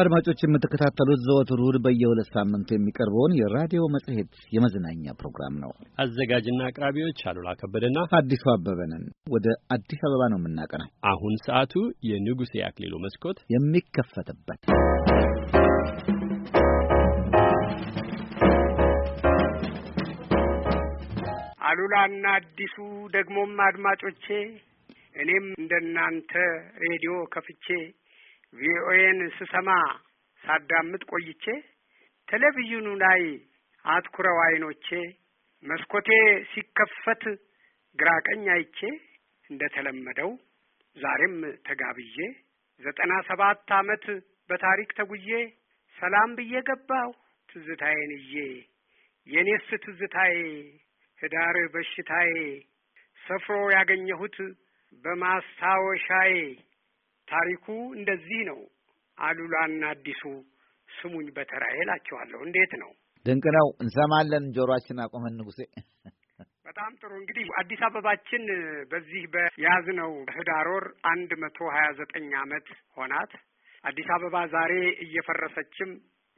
አድማጮች የምትከታተሉት ዘወትር እሁድ በየሁለት ሳምንቱ የሚቀርበውን የራዲዮ መጽሔት የመዝናኛ ፕሮግራም ነው። አዘጋጅና አቅራቢዎች አሉላ ከበደና አዲሱ አበበንን። ወደ አዲስ አበባ ነው የምናቀናው። አሁን ሰዓቱ የንጉሴ አክሊሉ መስኮት የሚከፈትበት አሉላና አዲሱ ደግሞም አድማጮቼ እኔም እንደናንተ ሬዲዮ ከፍቼ ቪኦኤን ስሰማ ሳዳምጥ ቆይቼ ቴሌቪዥኑ ላይ አትኩረው አይኖቼ መስኮቴ ሲከፈት ግራ ቀኝ አይቼ እንደ ተለመደው ዛሬም ተጋብዬ ዘጠና ሰባት አመት በታሪክ ተጉዬ ሰላም ብዬ ገባሁ ትዝታዬን እዬ የኔስ ትዝታዬ ህዳር በሽታዬ ሰፍሮ ያገኘሁት በማስታወሻዬ ታሪኩ እንደዚህ ነው አሉላና አዲሱ ስሙኝ በተራዬ እላቸዋለሁ። እንዴት ነው? ድንቅ ነው። እንሰማለን። ጆሮአችን አቆመን ንጉሴ። በጣም ጥሩ እንግዲህ አዲስ አበባችን በዚህ በያዝነው ህዳር ወር አንድ መቶ ሀያ ዘጠኝ አመት ሆናት። አዲስ አበባ ዛሬ እየፈረሰችም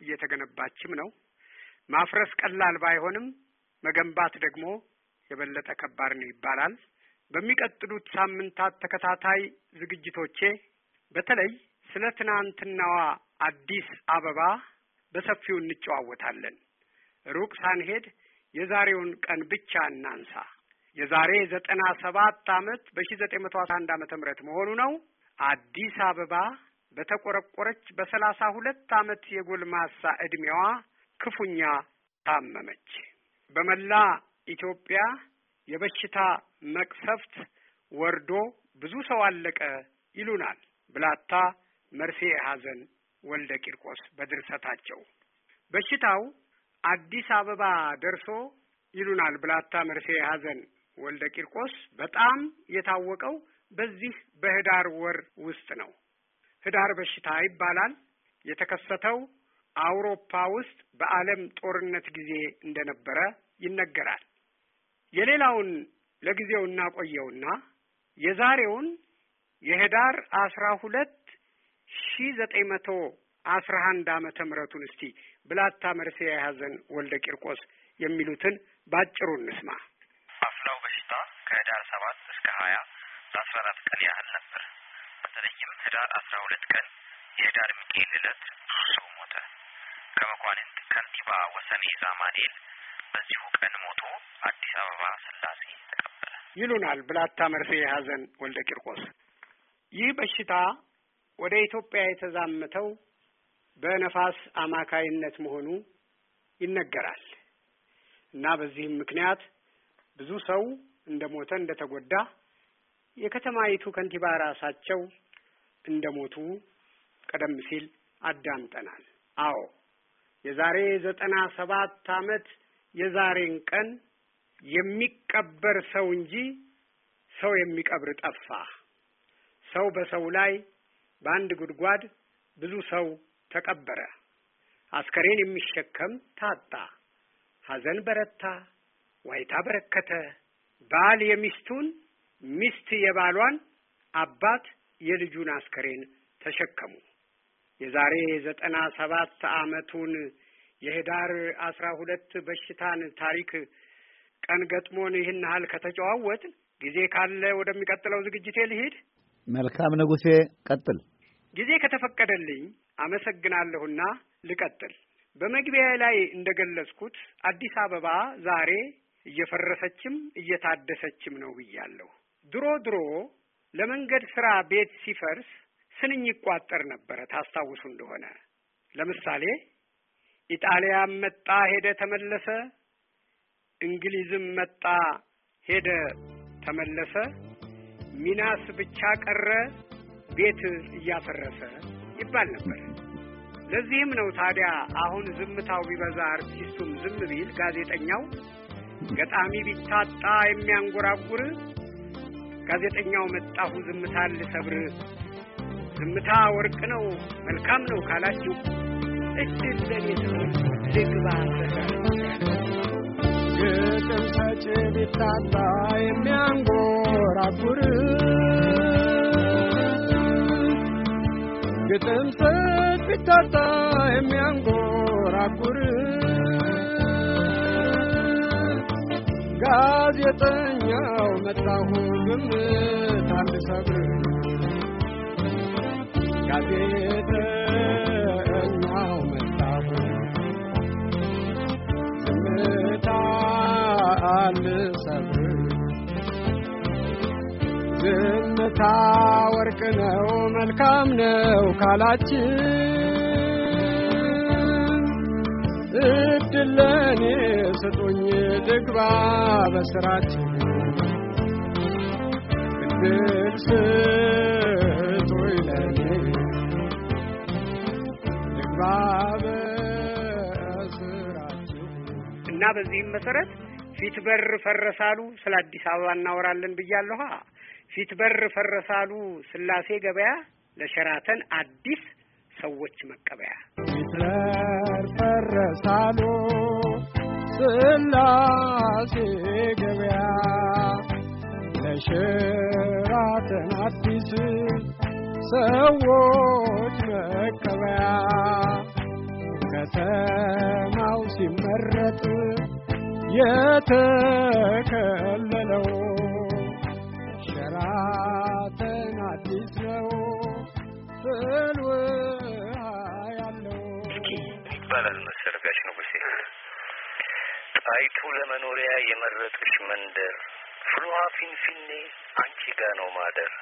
እየተገነባችም ነው። ማፍረስ ቀላል ባይሆንም መገንባት ደግሞ የበለጠ ከባድ ነው ይባላል። በሚቀጥሉት ሳምንታት ተከታታይ ዝግጅቶቼ በተለይ ስለ ትናንትናዋ አዲስ አበባ በሰፊው እንጨዋወታለን። ሩቅ ሳንሄድ የዛሬውን ቀን ብቻ እናንሳ። የዛሬ ዘጠና ሰባት ዓመት በሺ ዘጠኝ መቶ አስራ አንድ ዓመተ ምህረት መሆኑ ነው። አዲስ አበባ በተቆረቆረች በሰላሳ ሁለት ዓመት የጎልማሳ ዕድሜዋ ክፉኛ ታመመች። በመላ ኢትዮጵያ የበሽታ መቅሰፍት ወርዶ ብዙ ሰው አለቀ ይሉናል። ብላታ መርሴ ሐዘን ወልደ ቂርቆስ በድርሰታቸው በሽታው አዲስ አበባ ደርሶ ይሉናል። ብላታ መርሴ ሐዘን ወልደ ቂርቆስ በጣም የታወቀው በዚህ በህዳር ወር ውስጥ ነው። ህዳር በሽታ ይባላል። የተከሰተው አውሮፓ ውስጥ በዓለም ጦርነት ጊዜ እንደነበረ ይነገራል። የሌላውን ለጊዜው እናቆየውና የዛሬውን የህዳር አስራ ሁለት ሺ ዘጠኝ መቶ አስራ አንድ አመተ ምህረቱን እስቲ ብላታ መርስዔ የያዘን ወልደ ቂርቆስ የሚሉትን ባጭሩ እንስማ። አፍላው በሽታ ከህዳር ሰባት እስከ ሀያ ለአስራ አራት ቀን ያህል ነበር። በተለይም ህዳር አስራ ሁለት ቀን የህዳር ሚካኤል ዕለት እርሱ ሞተ። ከመኳንንት ከንቲባ ወሰኔ ዛማኔል በዚሁ ቀን ሞቶ አዲስ አበባ ስላሴ ተቀበለ ይሉናል ብላታ መርስዔ የያዘን ወልደ ቂርቆስ። ይህ በሽታ ወደ ኢትዮጵያ የተዛመተው በነፋስ አማካይነት መሆኑ ይነገራል እና በዚህም ምክንያት ብዙ ሰው እንደሞተ እንደተጎዳ፣ የከተማይቱ ከንቲባ ራሳቸው እንደሞቱ ቀደም ሲል አዳምጠናል። አዎ የዛሬ ዘጠና ሰባት አመት የዛሬን ቀን የሚቀበር ሰው እንጂ ሰው የሚቀብር ጠፋ ሰው በሰው ላይ በአንድ ጉድጓድ ብዙ ሰው ተቀበረ። አስከሬን የሚሸከም ታጣ። ሐዘን በረታ፣ ዋይታ በረከተ። ባል የሚስቱን፣ ሚስት የባሏን፣ አባት የልጁን አስከሬን ተሸከሙ። የዛሬ ዘጠና ሰባት ዓመቱን የህዳር አስራ ሁለት በሽታን ታሪክ ቀን ገጥሞን ይህን ያህል ከተጨዋወትን ጊዜ ካለ ወደሚቀጥለው ዝግጅቴ ልሂድ። መልካም ንጉሴ፣ ቀጥል። ጊዜ ከተፈቀደልኝ አመሰግናለሁና ልቀጥል። በመግቢያ ላይ እንደገለጽኩት አዲስ አበባ ዛሬ እየፈረሰችም እየታደሰችም ነው ብያለሁ። ድሮ ድሮ ለመንገድ ስራ ቤት ሲፈርስ ስንኝ ይቋጠር ነበረ፣ ታስታውሱ እንደሆነ ለምሳሌ ኢጣሊያም መጣ ሄደ ተመለሰ፣ እንግሊዝም መጣ ሄደ ተመለሰ ሚናስ ብቻ ቀረ ቤት እያፈረሰ ይባል ነበር። ለዚህም ነው ታዲያ አሁን ዝምታው ቢበዛ አርቲስቱም ዝም ቢል፣ ጋዜጠኛው ገጣሚ ቢታጣ የሚያንጎራጉር ጋዜጠኛው መጣሁ ዝምታን ልሰብር፣ ዝምታ ወርቅ ነው መልካም ነው ካላችሁ እጅ ለኔ ልግባ ገጠም ሰጭ ቢታጣ የሚያንጎ ሲያንጎራጉር ግጥም ስት ቢታጣ የሚያንጎራጉር ጋዜጠኛው መጣሁ ግምት አንድ ሰብር ጋዜጠ ነው መልካም ነው ካላችን እድለኔ ስጡኝ ድግባ በስራችን እድል ስጡኝ በስራችን እና በዚህም መሰረት ፊት በር ፈረሳሉ ስለ አዲስ አበባ እናወራለን ብያለኋ። ፊት በር ፈረሳሉ ስላሴ ገበያ ለሸራተን አዲስ ሰዎች መቀበያ ፊት በር ፈረሳሉ ስላሴ ገበያ ለሸራተን አዲስ ሰዎች መቀበያ ከተማው ሲመረጥ የተከለለው ያለው ይባላል መሰል ንጉሴ ጣይቱ ለመኖሪያ የመረጥሽ መንደር ፍልውሃ ፊንፊኔ አንቺ ጋ ነው ማደር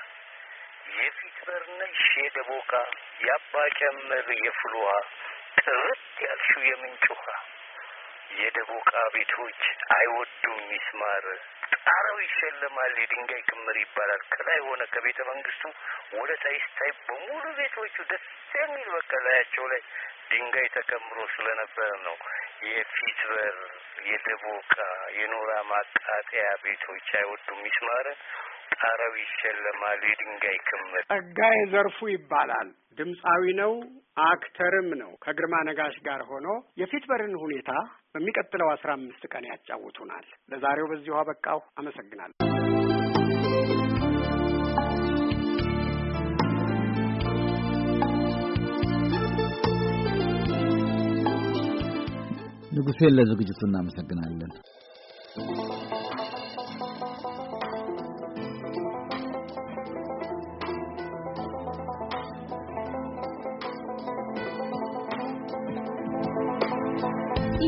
የፊት በርነሽ የደቦቃ ያባ ጨምር የፍልውሃ ጥርት ያልሽው የምንጭ ውሃ ቃ ቤቶች አይወዱም ሚስማር። ጣራው ይሸለማል፣ የድንጋይ ክምር ይባላል። ከላይ ሆነ ከቤተ መንግስቱ ወደ ታይ ስታይ በሙሉ ቤቶቹ ደስ የሚል በቃ ላያቸው ላይ ድንጋይ ተከምሮ ስለነበረ ነው የፊት በር፣ የደቦቃ፣ የኖራ ማቃጠያ ቤቶች አይወዱም ይስማረ ጣረው ይሸለማል የድንጋይ ክምር። ጸጋዬ ዘርፉ ይባላል። ድምፃዊ ነው፣ አክተርም ነው። ከግርማ ነጋሽ ጋር ሆኖ የፊት በርን ሁኔታ በሚቀጥለው አስራ አምስት ቀን ያጫውቱናል። ለዛሬው በዚሁ አበቃው። አመሰግናለሁ። ንጉሴን ለዝግጅቱ እናመሰግናለን።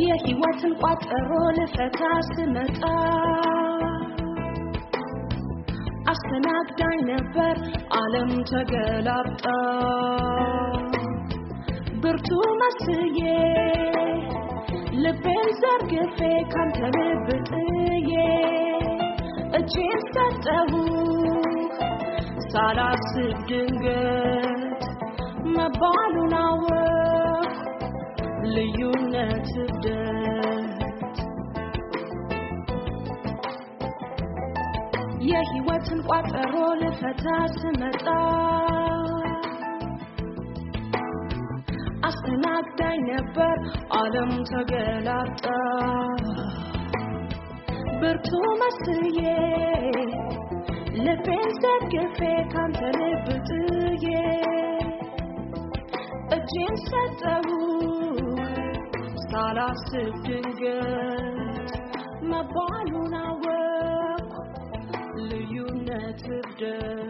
የህይወትን ቋጠሮ ልፈታ ስመጣ አስተናግዳኝ ነበር ዓለም ተገላብጣ ብርቱ መስዬ ልቤን ዘርግፌ ካንተ ብጥዬ እጄን ሰጠሁ ሳላስብ ድንገት መባሉን አወቅ ልዩነት እብደት የሕይወትን ቋጠሮ ልፈታ ስመጣ አስተናግዳኝ ነበር ዓለም ተገላጣ ብርቱ መስዬ ልቤን ዘርግፌ ካንተ ልብ ጥዬ እጄን ሰጠው ሳላስብ ድንገት መባሉን አወቅኩ ልዩነት እብደት